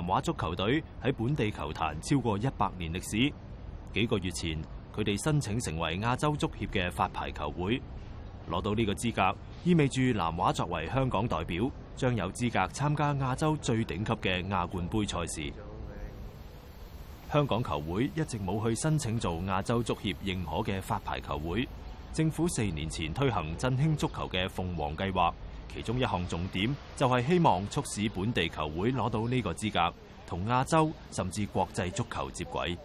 南華足球隊喺本地球壇超過一百年歷史，幾個月前佢哋申請成為亞洲足協嘅發牌球會，攞到呢個資格，意味住南華作為香港代表，將有資格參加亞洲最頂級嘅亞冠盃賽事。香港球會一直冇去申請做亞洲足協認可嘅發牌球會，政府四年前推行振興足球嘅鳳凰計劃。其中一項重點就係希望促使本地球會攞到呢個資格，同亞洲甚至國際足球接軌。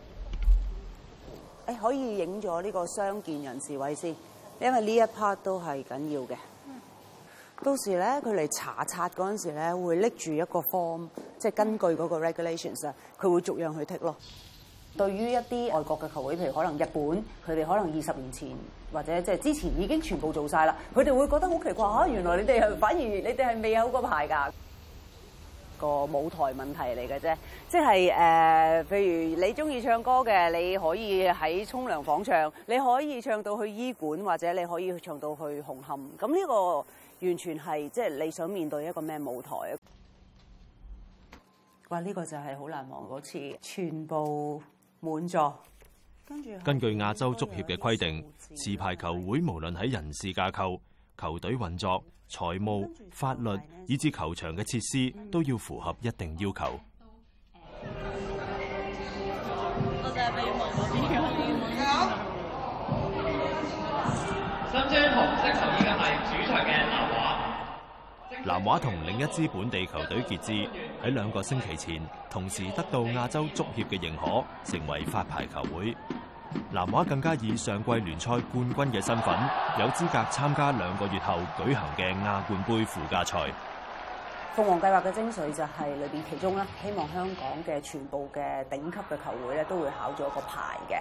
哎，可以影咗呢個相見人士位先，因為呢一 part 都係緊要嘅。嗯，到時咧，佢嚟查察嗰陣時咧，會拎住一個 form，即係根據嗰個 regulations 啊，佢會逐樣去剔咯。對於一啲外國嘅球會，譬如可能日本，佢哋可能二十年前或者即係之前已經全部做晒啦，佢哋會覺得好奇怪嚇，原來你哋係反而你哋係未有個牌㗎。個舞台問題嚟嘅啫，即係呃、譬如你中意唱歌嘅，你可以喺沖涼房唱，你可以唱到去醫館，或者你可以唱到去紅磡，咁呢個完全係即係你想面對一個咩舞台啊？哇！呢、呢個就係好難忘嗰次，全部。滿座。根據亞洲足協嘅規定，持牌球會無論喺人事架構、球隊運作、財務、法律以至球場嘅設施，都要符合一定要求。南華同另一支本地球隊傑志喺兩個星期前同時得到亞洲足協嘅認可，成為發牌球會。南華更加以上季聯賽冠軍嘅身份，有資格參加兩個月後舉行嘅亞冠杯附加賽。鳳凰計劃嘅精髓就係裏邊，其中啦，希望香港嘅全部嘅頂級嘅球會咧，都會考咗個牌嘅，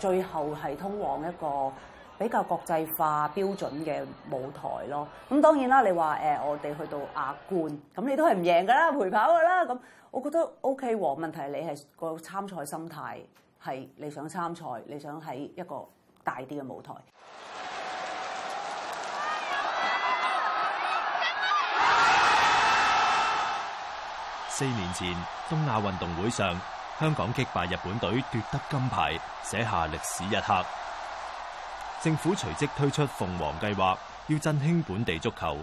最後係通往一個。比較國際化標準嘅舞台咯，咁當然啦，你話誒、呃、我哋去到亞冠，咁你都係唔贏㗎啦，陪跑㗎啦，咁我覺得 OK 喎。問題係你係、嗰個參賽心態係你想參賽，你想喺一個大啲嘅舞台。四年前東亞運動會上，香港擊敗日本隊奪得金牌，寫下歷史一刻。政府隨即推出鳳凰計劃，要振興本地足球。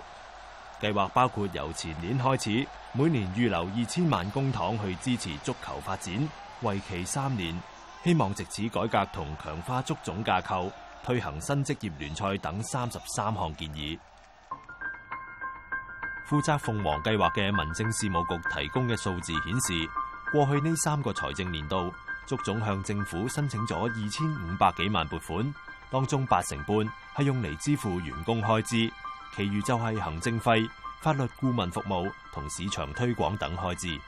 計劃包括由前年開始，每年預留二千萬公帑去支持足球發展，為期三年。希望借此改革同強化足總架構，推行新職業聯賽等三十三項建議。負責鳳凰計劃嘅民政事務局提供嘅數字顯示，過去呢三個財政年度，足總向政府申請咗二千五百幾萬撥款。當中八成半係用嚟支付員工開支，其餘就係行政費、法律顧問服務同市場推廣等開支。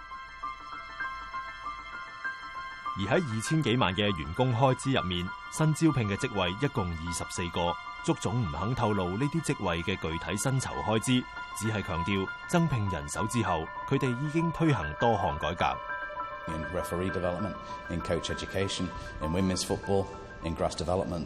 而喺二千幾萬嘅員工開支入面，新招聘嘅職位一共二十四個，足總唔肯透露呢啲職位嘅具體薪酬開支，只係強調增聘人手之後，佢哋已經推行多項改革。In referee development, in coach education, in women's football, in grass development.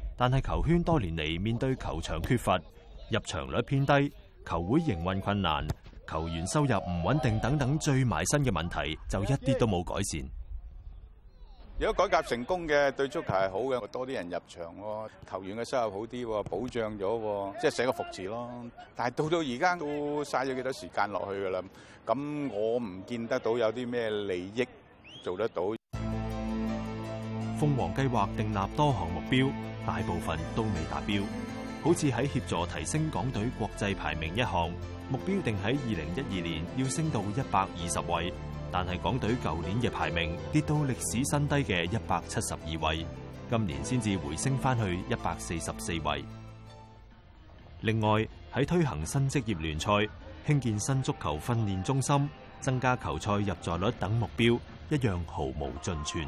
但係球圈多年嚟，面對球場缺乏、入場率偏低、球會營運困難、球員收入唔穩定等等，最埋身嘅問題就一啲都冇改善。如果改革成功嘅，對足球係好嘅，多啲人入場喎，球員嘅收入好啲喎，保障咗，即係寫個服字咯。但係到到而家都嘥咗幾多時間落去噶啦，咁我唔見得到有啲咩利益做得到。鳳凰計劃訂立多項目標，大部分都未達標。好似喺協助提升港隊國際排名一項，目標定喺二零一二年要升到一百二十位，但係港隊舊年嘅排名跌到歷史新低嘅一百七十二位，今年先至回升翻去一百四十四位。另外喺推行新職業聯賽、興建新足球訓練中心、增加球賽入座率等目標，一樣毫無進寸。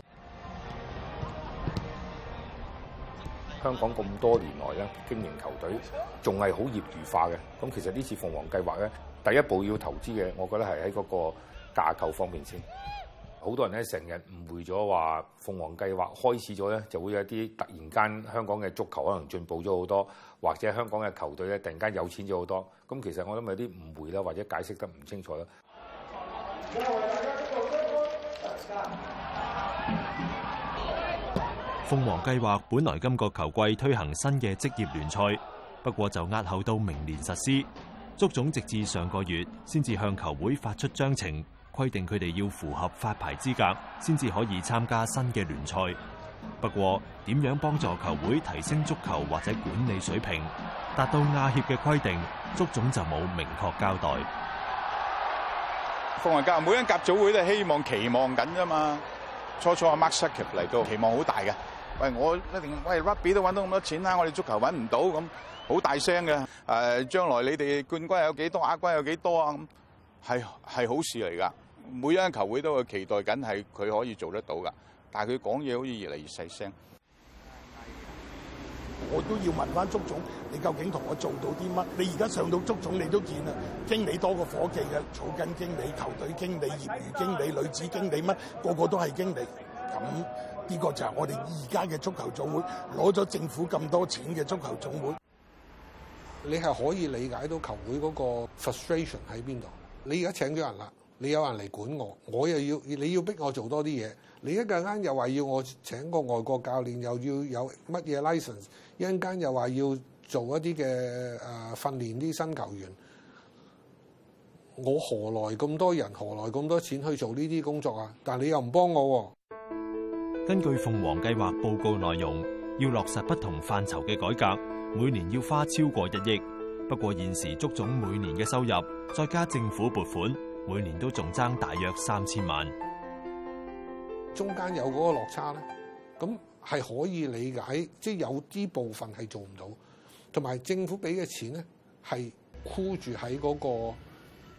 香港咁多年來咧經營球隊，仲係好業餘化嘅。咁其實呢次鳳凰計劃咧，第一步要投資嘅，我覺得係喺嗰個架構方面先。好多人咧成日誤會咗話鳳凰計劃開始咗咧，就會有一啲突然間香港嘅足球可能進步咗好多，或者香港嘅球隊咧突然間有錢咗好多。咁其實我諗有啲誤會啦，或者解釋得唔清楚啦。鳳凰計劃本來今個球季推行新嘅職業聯賽，不過就押後到明年實施。足總直至上個月先至向球會發出章程，規定佢哋要符合發牌資格，先至可以參加新嘅聯賽。不過點樣幫助球會提升足球或者管理水平，達到亞協嘅規定，足總就冇明確交代。鳳凰計劃，每一甲組會都希望期望緊啫嘛。初初阿 Mark Sutcliffe 嚟到，期望好大嘅。喂，我一定喂 Rugby 都揾到咁多錢啦，我哋足球揾唔到咁，好大聲嘅。誒、啊，將來你哋冠軍有幾多，亞軍有幾多啊？咁係係好事嚟噶，每一間球會都會期待緊，係佢可以做得到噶。但係佢講嘢好似越嚟越細聲。我都要問翻足總，你究竟同我做到啲乜？你而家上到足總，你都見啊，經理多過夥計嘅，草根經理、球隊經理、業餘經理、女子經理什麼，乜個個都係經理。咁呢個就係我哋而家嘅足球總會攞咗政府咁多錢嘅足球總會，你係可以理解到球會嗰個 frustration 喺邊度？你而家請咗人啦，你有人嚟管我，我又要，你要逼我做多啲嘢，你一陣間又話要我請個外國教練，又要有乜嘢 license，一陣間又話要做一啲嘅誒訓練啲新球員，我何來咁多人，何來咁多錢去做呢啲工作啊？但係你又唔幫我。根據鳳凰計劃報告內容，要落實不同範疇嘅改革，每年要花超過一億。不過現時足總每年嘅收入，再加政府撥款，每年都仲爭大約三千萬。中間有嗰個落差咧，咁係可以理解，即係有啲部分係做唔到，同埋政府俾嘅錢咧，係箍住喺嗰個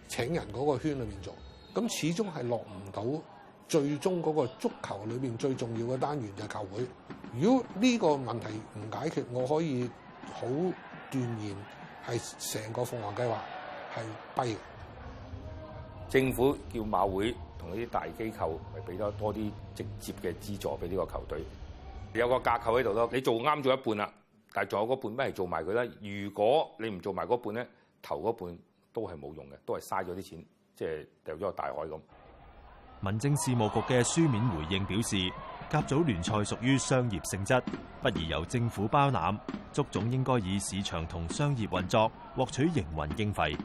請人嗰個圈裏面做，咁始終係落唔到。最終嗰個足球裏邊最重要嘅單元就係球會。如果呢個問題唔解決，我可以好斷言係成個鳳凰計劃係弊。政府叫馬會同啲大機構係俾得多啲直接嘅資助俾呢個球隊，有個架構喺度咯。你做啱咗一半啦，但係仲有嗰半，咩做埋佢啦？如果你唔做埋嗰半咧，頭嗰半都係冇用嘅，都係嘥咗啲錢，即係掉咗個大海咁。民政事務局嘅書面回應表示，甲組聯賽屬於商業性質，不宜由政府包攬，足總應該以市場同商業運作獲取營運經費。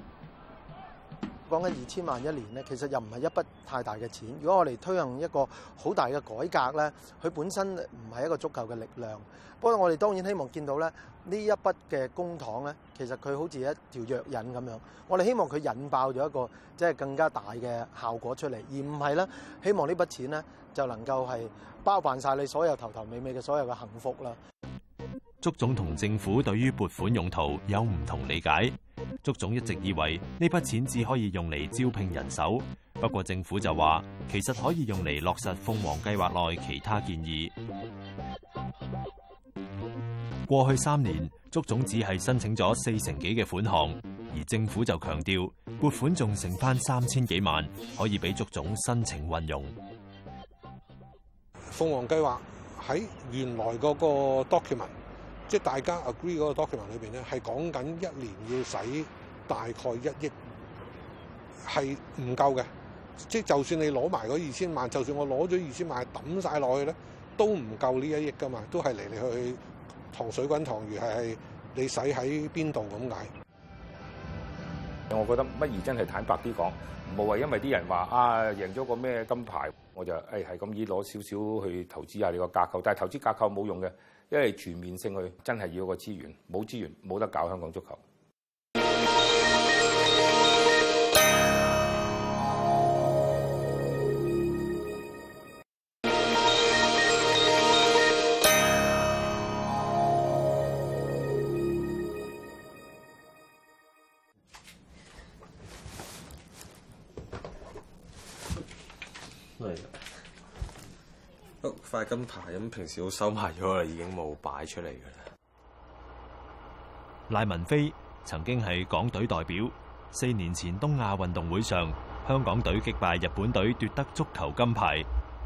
講緊二千萬一年咧，其實又唔係一筆太大嘅錢。如果我哋推行一個好大嘅改革咧，佢本身唔係一個足夠嘅力量。不過我哋當然希望見到咧呢一筆嘅公帑咧，其實佢好似一條藥引咁樣。我哋希望佢引爆咗一個即係更加大嘅效果出嚟，而唔係咧希望呢筆錢咧就能夠係包辦晒你所有頭頭尾尾嘅所有嘅幸福啦。足總同政府對於撥款用途有唔同的理解。足總一直以為呢筆錢只可以用嚟招聘人手，不過政府就話其實可以用嚟落實鳳凰計劃內其他建議。過去三年，足總只係申請咗四成幾嘅款項，而政府就強調撥款仲剩翻三千幾萬，可以俾足總申請運用。鳳凰計劃喺原來嗰個 document，即係大家 agree 嗰個 document 裏邊咧，係講緊一年要使。大概一億係唔夠嘅，即係就算你攞埋嗰二千萬，就算我攞咗二千萬抌晒落去咧，都唔夠呢一億㗎嘛，都係嚟嚟去去糖水滾糖魚係你使喺邊度咁解。我覺得乜而真係坦白啲講，唔好話因為啲人話啊贏咗個咩金牌，我就誒係咁意攞少少去投資下你個架構，但係投資架構冇用嘅，因為全面性去真係要個資源，冇資源冇得搞香港足球。嚟、哦，塊金牌咁，平時好收埋咗啦，已經冇擺出嚟嘅啦。賴文飛曾經係港隊代表，四年前東亞運動會上，香港隊擊敗日本隊奪得足球金牌。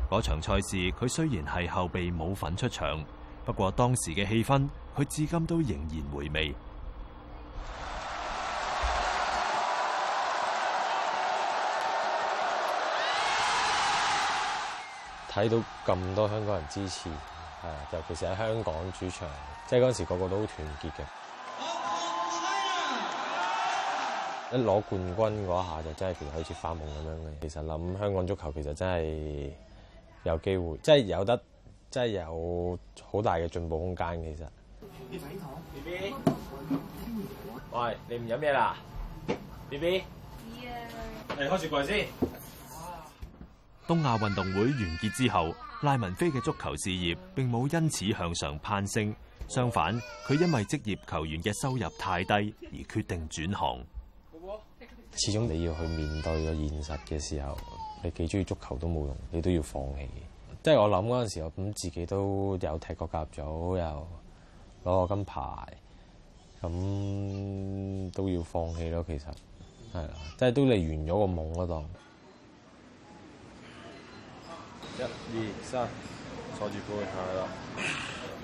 嗰場賽事，佢雖然係後備冇份出場，不過當時嘅氣氛，佢至今都仍然回味。睇到咁多香港人支持，係啊，尤其是喺香港主場，即係嗰陣時個個都好團結嘅。一攞冠軍嗰下就真係其實好似發夢咁樣嘅。其實諗香港足球其實真係有機會，即係有得，即係有好大嘅進步空間。其實。b B。喂，你唔飲咩啦？B B Yeah.。止開住櫃先。東亞運動會完結之後，賴文飛嘅足球事業並冇因此向上攀升，相反，佢因為職業球員嘅收入太低而決定轉行。始終你要去面對個現實嘅時候，你幾中意足球都冇用，你都要放棄。即係我諗嗰陣時候，我咁自己都有踢過甲組，又攞過金牌，咁都要放棄咯。其實係啦，即係都嚟完咗個夢嗰一二三，1 1, 2,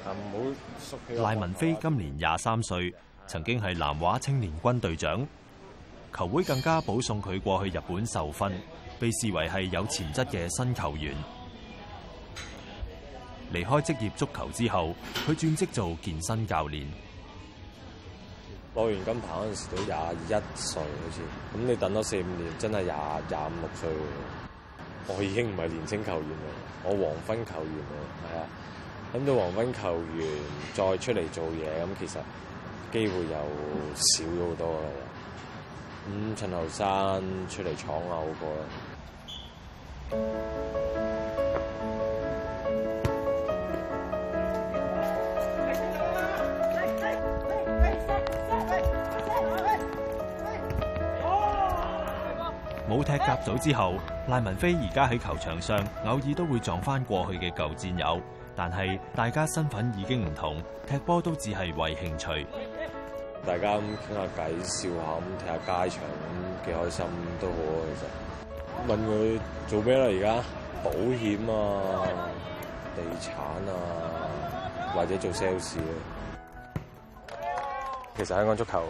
3, 坐賴文飛今年廿三歲，曾經係南華青年軍隊長，球會更加保送佢過去日本受訓，被視為係有潛質嘅新球員。離開職業足球之後，佢轉職做健身教練。攞完金牌嗰陣時都廿一歲，好似咁你等咗四五年，真係廿廿五六歲。我已經唔係年青球員嚟。我黃昏球員嚟，係啊，諗到黃昏球員再出嚟做嘢，咁其實機會又少咗好多啦。咁趁後生出嚟闖下好過啦。冇踢甲組之後，賴文飛而家喺球場上偶爾都會撞返過去嘅舊戰友，但係大家身份已經唔同，踢波都只係為興趣。大家傾下偈，笑下咁，踢下街場咁，幾開心都好。其實問佢做咩啦？而家保險啊，地產啊，或者做 sales 啊。其實香港足球。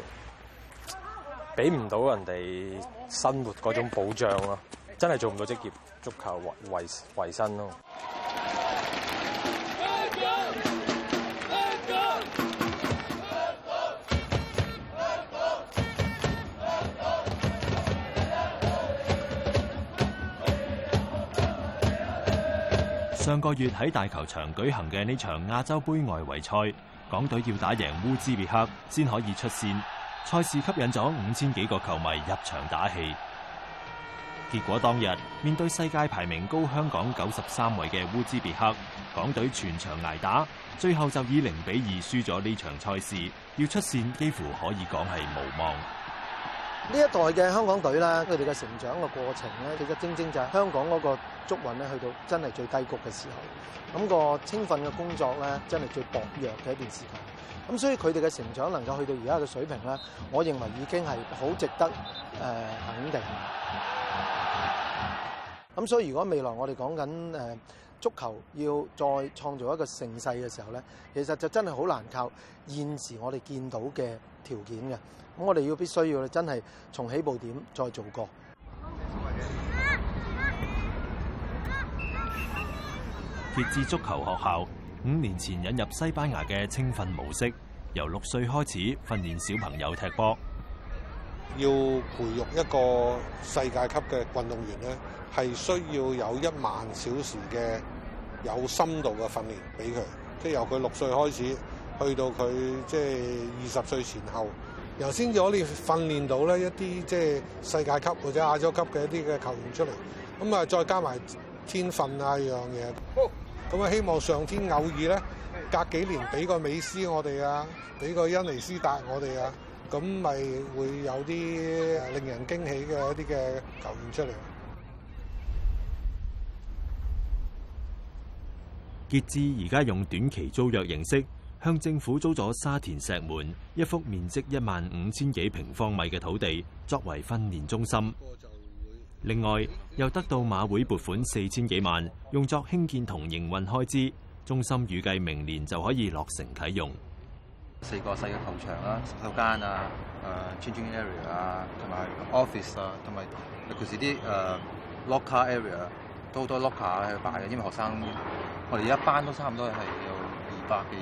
俾唔到人哋生活嗰種保障咯，真係做唔到職業足球維維維生咯。上個月喺大球場舉行嘅呢場亞洲杯外圍賽，港隊要打贏烏茲別克先可以出線。賽事吸引咗五千幾個球迷入場打氣，結果當日面對世界排名高香港九十三位嘅烏茲別克，港隊全場捱打，最後就以零比二輸咗呢場賽事，要出線幾乎可以講係無望。呢一代嘅香港隊呢，佢哋嘅成長嘅過程呢，其實正正就係香港嗰個足運呢，去到真係最低谷嘅時候，咁個青訓嘅工作呢，真係最薄弱嘅一段時間。咁所以佢哋嘅成長能夠去到而家嘅水平咧，我認為已經係好值得誒肯定。咁所以如果未來我哋講緊誒足球要再創造一個盛世嘅時候咧，其實就真係好難靠現時我哋見到嘅條件嘅。咁我哋要必須要真係從起步點再做過。傑志足球學校。五年前引入西班牙嘅青訓模式，由六歲開始訓練小朋友踢波。要培育一個世界級嘅運動員咧，係需要有一萬小時嘅有深度嘅訓練俾佢，即係由佢六歲開始去到佢即係二十歲前後，由先至可以訓練到咧一啲即係世界級或者亞洲級嘅一啲嘅球員出嚟。咁啊，再加埋天分啊，一樣嘢。咁啊！希望上天偶爾隔幾年俾個美斯我哋啊，俾個恩尼斯達我哋啊，咁咪會有啲令人驚喜嘅一啲嘅球員出嚟。傑志而家用短期租約形式向政府租咗沙田石門一幅面積一萬五千幾平方米嘅土地，作為訓練中心。另外又得到馬會撥款四千幾萬，用作興建同營運開支。中心預計明年就可以落成啟用。四個細嘅球場啦，洗手間啊，誒 changing area 啊，同埋 office 啊，同埋尤其是啲誒、啊、locker area 都好多 locker 喺度擺嘅，因為學生我哋一班都差唔多係有二百幾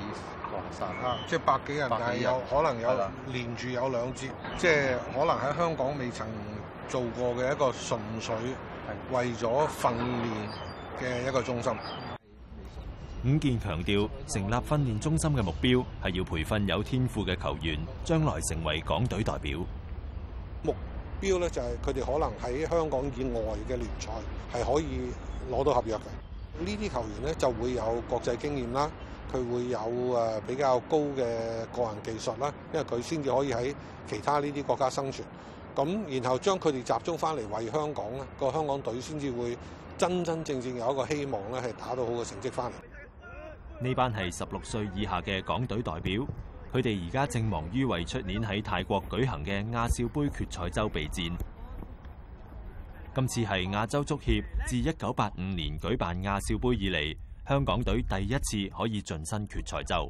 個學生。啊、即係百幾人，人，但係有人可能有的連住有兩節，即係可能喺香港未曾。做過嘅一個純粹係為咗訓練嘅一個中心。伍健強調，成立訓練中心嘅目標係要培訓有天賦嘅球員，將來成為港隊代表。目標咧，就係佢哋可能喺香港以外嘅聯賽係可以攞到合約嘅。呢啲球員咧，就會有國際經驗啦，佢會有誒比較高嘅個人技術啦，因為佢先至可以喺其他呢啲國家生存。咁，然後將佢哋集中翻嚟為香港咧，個香港隊先至會真真正正有一個希望咧，係打到好嘅成績翻嚟。呢班係十六歲以下嘅港隊代表，佢哋而家正忙於為出年喺泰國舉行嘅亞少杯決賽周備戰。今次係亞洲足協自一九八五年舉辦亞少杯以嚟，香港隊第一次可以進身決賽周。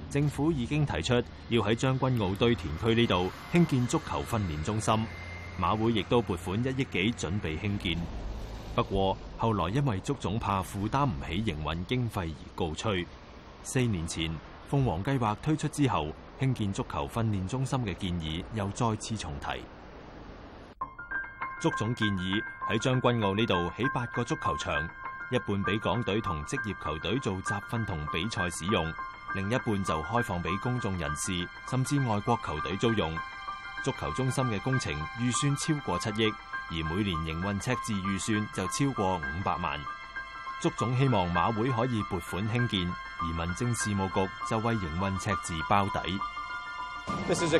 政府已經提出要喺將軍澳堆填區呢度興建足球訓練中心，馬會亦都撥款一億幾準備興建。不過後來因為足總怕負擔唔起營運經費而告吹。四年前，鳳凰計劃推出之後，興建足球訓練中心嘅建議又再次重提。足總建議喺將軍澳呢度起八個足球場，一半俾港隊同職業球隊做集訓同比賽使用。另一半就開放俾公眾人士，甚至外國球隊租用。足球中心嘅工程預算超過七億，而每年營運赤字預算就超過五百萬。足總希望馬會可以撥款興建，而民政事務局就為營運赤字包底。This is a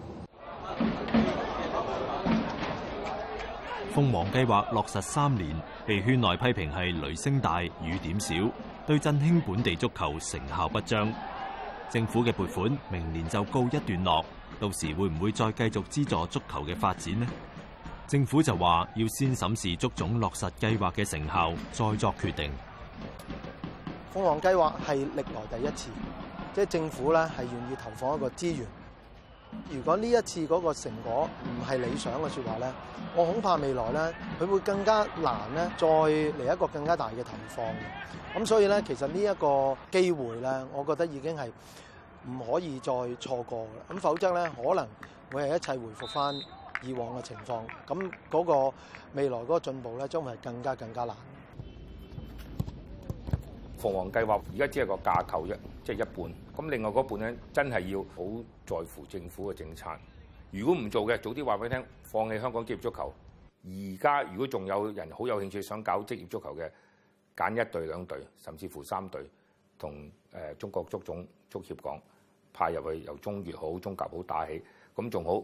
蜂凰計劃落實三年，被圈內批評係雷聲大雨點小，對振興本地足球成效不彰。政府嘅撥款明年就告一段落，到時會唔會再繼續資助足球嘅發展呢？政府就話要先審視足總落實計劃嘅成效，再作決定。鳳凰計劃係歷來第一次，即政府呢係願意投放一個資源。如果呢一次嗰個成果唔係理想嘅說話咧，我恐怕未來咧佢會更加難咧再嚟一個更加大嘅投放。咁所以咧，其實呢一個機會咧，我覺得已經係唔可以再錯過啦，咁否則咧，可能會係一切回復翻以往嘅情況，咁嗰個未來嗰個進步咧，將會係更加更加難。鳳凰計劃而家只係個架構啫。即係一半，咁另外嗰半咧，真係要好在乎政府嘅政策。如果唔做嘅，早啲話俾你聽，放棄香港職業足球。而家如果仲有人好有興趣想搞職業足球嘅，揀一隊、兩隊，甚至乎三隊，同誒中國足總足協講，派入去，由中乙好、中甲好打起，咁仲好。